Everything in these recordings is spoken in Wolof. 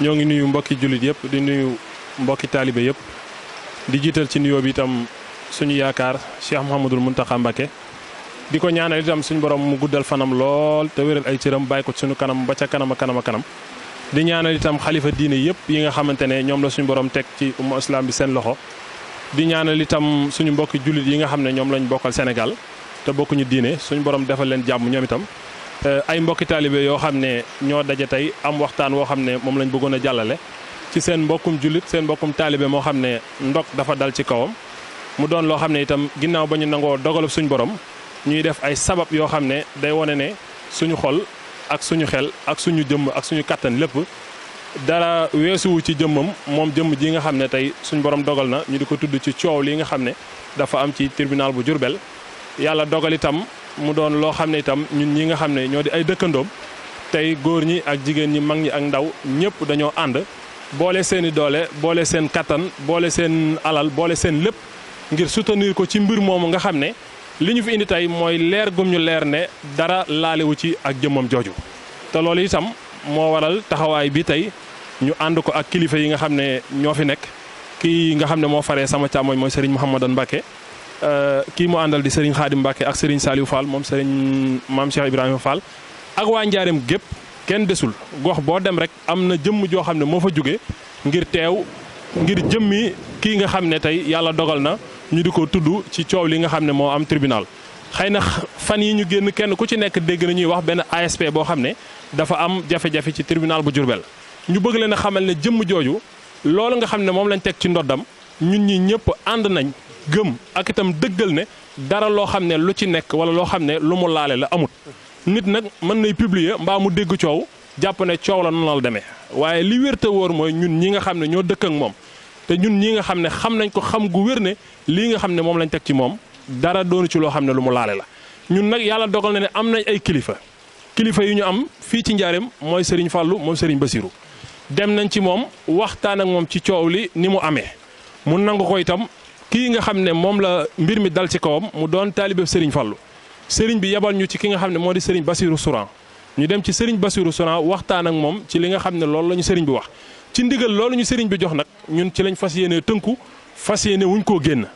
ñoo ngi nuyu mbokki jullit yëpp di nuyu mbokki taalibe yëpp di jiital ci nuyoo bi itam suñu yaakaar Cheikh Mouhamadul Mountakha Mbacké di ko ñaanal itam suñu borom mu guddal fanam lool te wéral ay cëram bàyyi ko suñu kanam ba ca kanam a kanam a kanam di ñaanal itam xalifa diine yëpp yi nga xamante ne ñoom la suñu borom teg ci umma islam bi seen loxo di ñaanal itam suñu mbokki jullit yi nga xam ne ñoom lañ bokkal Sénégal te bokkuñu diine suñu borom defal leen jàmm ñoom itam Euh, ay mbokki taalibee yoo xam ne ñoo daje tey am waxtaan woo xam ne moom lañ bëggoon a jàllale ci seen mbokkum jullit seen mbokkum taalibe moo xam ne ndog dafa dal ci kawam mu doon loo xam ne itam ginnaaw ba ñu nangoo dogalu suñu borom ñuy def ay sabab yoo xam ne day wane ne suñu xol ak suñu xel ak suñu jëmm ak suñu kattan lépp dara weesuwu ci jëmmam moom jëmm ji nga xam ne tey suñu borom dogal na ñu di ko tudd ci coow li nga xam ne dafa am ci tribunal bu Jurbel yàlla dogal itam mu doon loo xam ne itam ñun ñi nga xam ne ñoo di ay dëkkandoom tey góor ñi ak jigéen ñi mag ñi ak ndaw ñëpp dañoo ànd boole seeni doole boole seen kattan boole seen alal boole seen lépp ngir soutenir ko ci mbir moomu nga xam ne li ñu fi indi tey mooy leer gum ñu leer ne dara laalewu ci ak jëmmam jooju te loolu itam moo waral taxawaay bi tey ñu ànd ko ak kilifa yi nga xam ne ñoo fi nekk kii nga xam ne moo fare sama càmmoñ mooy Serigne Mouhamadou Mbacké Euh, kii mu àndal di Serigne Khadim Mbacke ak Serigne Saliou Fall moom Serigne maam Cheikh Ibrahima Fall ak waa Njaareem gépp kenn desul gox boo dem rek am na jëmm joo xam ne moo fa jóge ngir teew ngir jëmmi kii nga xam ne tey yàlla dogal na ñu di ko tudd ci coow li nga xam ne moo am tribunal. xëy na fan yi ñu génn kenn ku ci nekk dégg na ñuy wax benn ASP boo xam ne dafa am jafe ci tribunal bu Diourbel ñu bëgg leen a xamal ne jëmm jooju loolu nga xam ne moom lañ teg ci ndoddam ñun ñi ñëpp ànd nañ. gëm ak itam dëggal ne dara loo xam ne lu ci nekk wala loo xam ne lu mu laale la amut nit nag mën nay publier mbaa mu dégg coow jàpp ne coow la noonu la demee waaye li wér te wóor mooy ñun ñi nga xam ne ñoo dëkk ak moom te ñun ñi nga xam ne xam nañ ko xam gu wér ne lii nga xam ne moom lañ teg ci moom dara doonu ci loo xam ne lu mu laale la ñun nag yàlla dogal na ne am nañ ay kilifa kilifa yu ñu am fii ci njaareem mooy Serigne Fallou moom Serigne Bassirou dem nañ ci moom waxtaan ak moom ci coow li ni mu amee kii nga xam ne moom la mbir mi dal ci kawam mu doon taalibe Serigne Fallou Serigne bi yebal ñu ci ki nga xam ne moo di Serigne Bassirou Souran ñu dem ci Serigne Bassirou Souran waxtaan ak moom ci li nga xam ne loolu la ñu Serigne bi wax ci ndigal loolu ñu Serigne bi jox nag ñun ci lañ fas yéene tënku fas yéene wuñ koo génn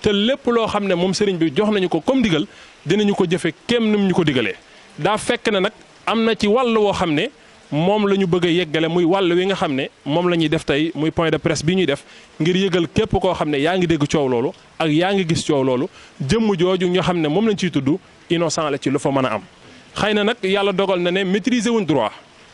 te lépp loo xam ne moom Serigne bi jox nañu ko comme ndigal dinañu ko jëfe kéem ni mu ñu ko digalee daa fekk na nag am na ci wàll woo xam ne moom la ñu bëgg a yeggale muy wàll wi nga xam ne moom la ñuy def tey muy point de presse bi ñuy def ngir yëgal képp koo xam ne yaa ngi dégg coow loolu ak yaa ngi gis coow loolu jëmm jooju nga xam ne moom lañ ciy tudd innocent la ci lu fa mën a am. xëy na nag yàlla dogal na ne maîtriser wuñ droit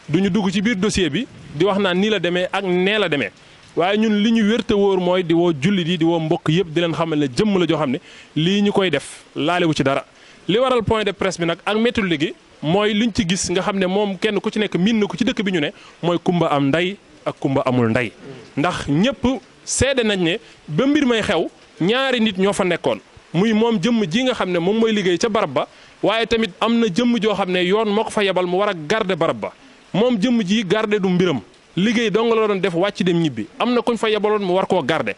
du ñu dugg ci biir dossier bi di wax naa nii la demee ak nee la demee waaye ñun li ñu wérte wóor mooy di woo jullit yi di woo mbokk yëpp di leen xamal ne jëmm la joo xam ne lii ñu koy def laalewu ci dara. li waral point de presse bi nag ak métti gi mooy ñu ci gis nga xam ne moom kenn ku ci nekk miin na ku ci dëkk bi ñu ne mooy kumba am ndey ak kumba amul ndey ndax ñëpp seede nañ ne ba mbir may xew ñaari nit ñoo fa nekkoon muy moom jëmm ji nga xam ne moom mooy liggéey ca barab ba waaye tamit am na jëm joo xam ne yoon moo ko fa yebal mu war a garde barab ba moom jëm ji garde du mbiram liggéey dong la doon def wàcc dem ñibbi am na kuñ fa yebaloon mu war koo garder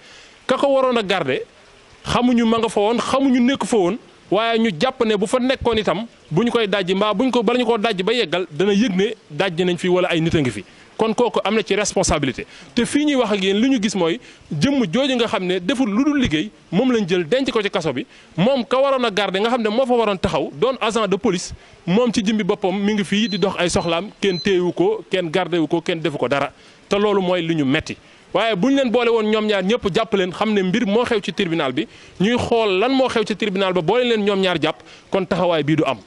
ka ko waroon a garder xamuñu ma nga fa woon xamuñu nekk fa woon. waaye ñu jàpp ne bu fa nekkoon itam bu ñu koy dajji mbaa bu ñu ko bala ñu koo dajji ba yeggal dana yëg ne dajji nañ fi wala ay nit a ngi fi kon kooku am na ci responsabilité te fii ñuy wax ak yéen li ñu gis mooy jëmm jooju nga xam ne deful lu dul liggéey moom lañ jël denc ko ci kaso bi moom ka waroon a garder nga xam ne moo fa waroon taxaw doon agent de police moom ci jëmbi boppam mu ngi fii di dox ay soxlaam kenn teewu ko kenn gardewu ko kenn defu ko dara te loolu mooy li ñu metti waaye bu ñu leen boole woon ñoom ñaar ñëpp jàpp leen xam ne mbir moo xew ci tribunal bi ñuy xool lan moo xew ci tribunal ba boole leen ñoom ñaar jàpp kon taxawaay bii du am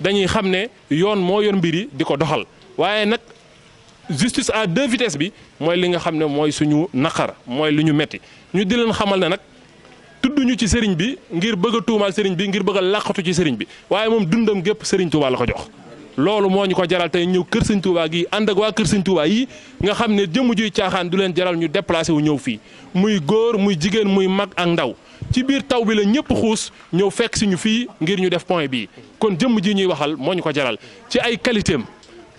dañuy xam ne yoon moo yor mbir yi di ko doxal waaye nag justice à deux vitesses bi mooy li nga xam ne mooy suñu naqar mooy li ñu metti ñu di leen xamal ne nag tudduñu ci sëriñ bi ngir bëgg a tuumaal sëriñ bi ngir bëgg làqatu ci sëriñ bi waaye moom dundam gépp sëriñ Tuubaa la ko jox loolu moo ñu ko jaral tey ñëw kër sëñ gi ànd ak waa kër sëñ yi nga xam ne jëmm juy caaxaan du leen jaral ñu déplacé wu ñëw fii muy góor muy jigéen muy mag ak ndaw ci biir taw bi la ñëpp xuus ñëw fekk si ñu fii ngir ñu def point bii kon jëmm ji ñuy waxal moo ñu ko jaral ci ay qualité am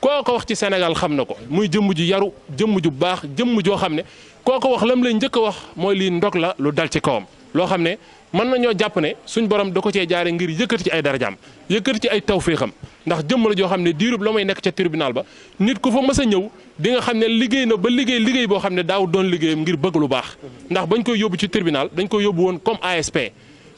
koo wax ci Sénégal xam ne ko muy jëmm ju yaru jëmm ju baax jëmm joo xam ne kooko wax lam lay njëkk a wax mooy lii ndog la lu dal ci kawam. loo xam ne mën nañoo jàpp ne suñ borom da ko cee jaare ngir yëkkati ci ay darajaam yëkkati ci ay tawféexam ndax jëmm joo xam ne diirub la may nekk ca tribunal ba nit ko fa mës a ñëw di nga xam ne liggéey na ba liggéey liggéey boo xam ne daaw doon liggéeyam ngir bëgg lu baax ndax bañ koy yóbbu ci tribunal dañ koy yóbbu woon comme ASP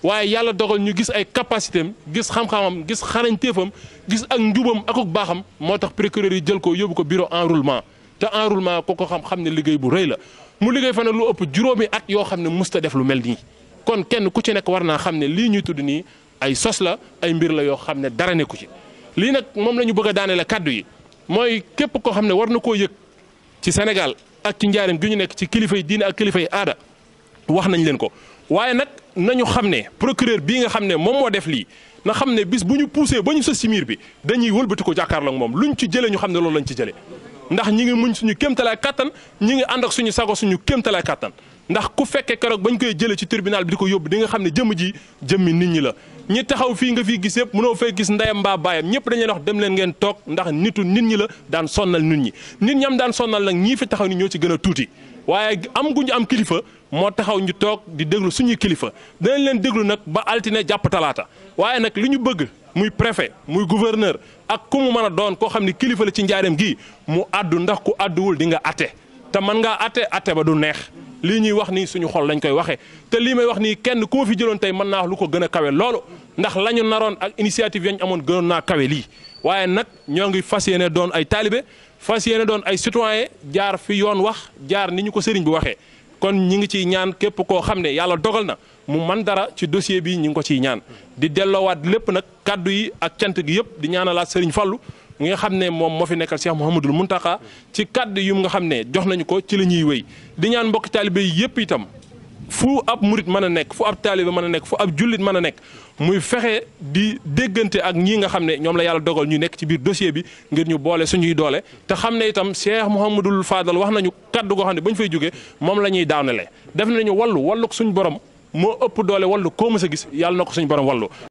waaye yàlla dogal ñu gis ay capacité am gis xam-xamam gis xarañteefam gis ak njubam akuk baaxam moo tax procureur yi jël ko yóbbu ko bureau enrôlement te enrôlement ko ko xam xam ne liggéey bu rëy la mu liggéey fa ne lu ëpp juróomi at yoo xam ne musta def lu mel nii kon kenn ku ci nekk war naa xam ne lii ñuy tudd nii ay sos la ay mbir la yoo xam ne dara nekku ci lii nag moom la ñu bëgg a daane la kàddu yi mooy képp koo xam ne war na koo yëg ci Sénégal ak ci njaarim gi ñu nekk ci kilifay diine ak kilifa yi aada wax nañ leen ko waaye nag nañu xam ne procureur bii nga xam ne moom moo def lii na xam ne bis bu ñu poussé ba ñu sës ci miir bi dañuy wëlbati ko jàkkaarloo ak moom luñ ci jëlee ñu xam ne loolu lañ ci jëlee ndax ñi ngi muñ suñu kéemtalaay kàttan ñi ngi ànd ak suñu sago suñu kéemtalaay kàttan ndax ku fekkee keroog bañ koy jëlee ci tribunal bi di ko yóbbu di nga xam ne jëmm ji jëmmi nit ñi la ñi taxaw fii nga fii gis yëpp mënoo fay gis ndeyam mbaa baayam ñëpp dañ leen wax dem leen ngeen toog ndax nitu nit ñi la daan sonnal nit ñi nit ñi daan sonnal nag ñii fi taxaw ni ñoo ci gën a tuuti waaye am ñu am kilifa moo taxaw ñu toog di déglu suñuy kilifa danañ leen déglu nag ba altine jàpp talaata waaye nag li ñu bëgg muy préfet muy gouverneur ak ku mu mën a doon koo xam ni kilifa la ci njaareem gi mu àddu ndax ku àdduwul di nga atte te mën ngaa atte atte ba du neex lii ñuy wax nii suñu xol lañ koy waxee te lii may wax nii kenn ku fi jëloon tey mën naa wax lu ko gën a kawe loolu ndax la ñu naroon ak initiative yañ amoon gënoon naa kawe lii waaye nag ñoo ngi fas yéene doon ay taalibe fas yéene doon ay citoyen jaar fi yoon wax jaar ni ñu ko sëriñ bi waxee kon ñi ngi ciy ñaan képp koo xam ne yàlla dogal na mu man dara ci dossier bi ñu ngi ko ciy ñaan di delloowaat lépp nag kàddu yi ak cant gi yëpp di ñaanalaat Serigne Fallou fallu nga xam ne moom moo fi nekkal Cheikh Mouhamadul Muntaka ci kàddu yu nga xam ne jox nañu ko ci la ñuy wéy di ñaan mbokk taalibe yi yëpp itam fu ab murit mën a nekk fu ab taalibe mën a nekk fu ab jullit mën a nekk muy fexe di déggante ak ñii nga xam ne ñoom la yàlla dogal ñu nekk ci biir dossier bi ngir ñu boole suñuy doole te xam ne itam mu Cheikh dul Fadal wax nañu kaddu goo xam ne ba ñu fay jógee moom la ñuy daanalee def nañu wallu walluk suñ borom moo ëpp doole wallu koo mës a gis yàlla na ko suñ borom wallu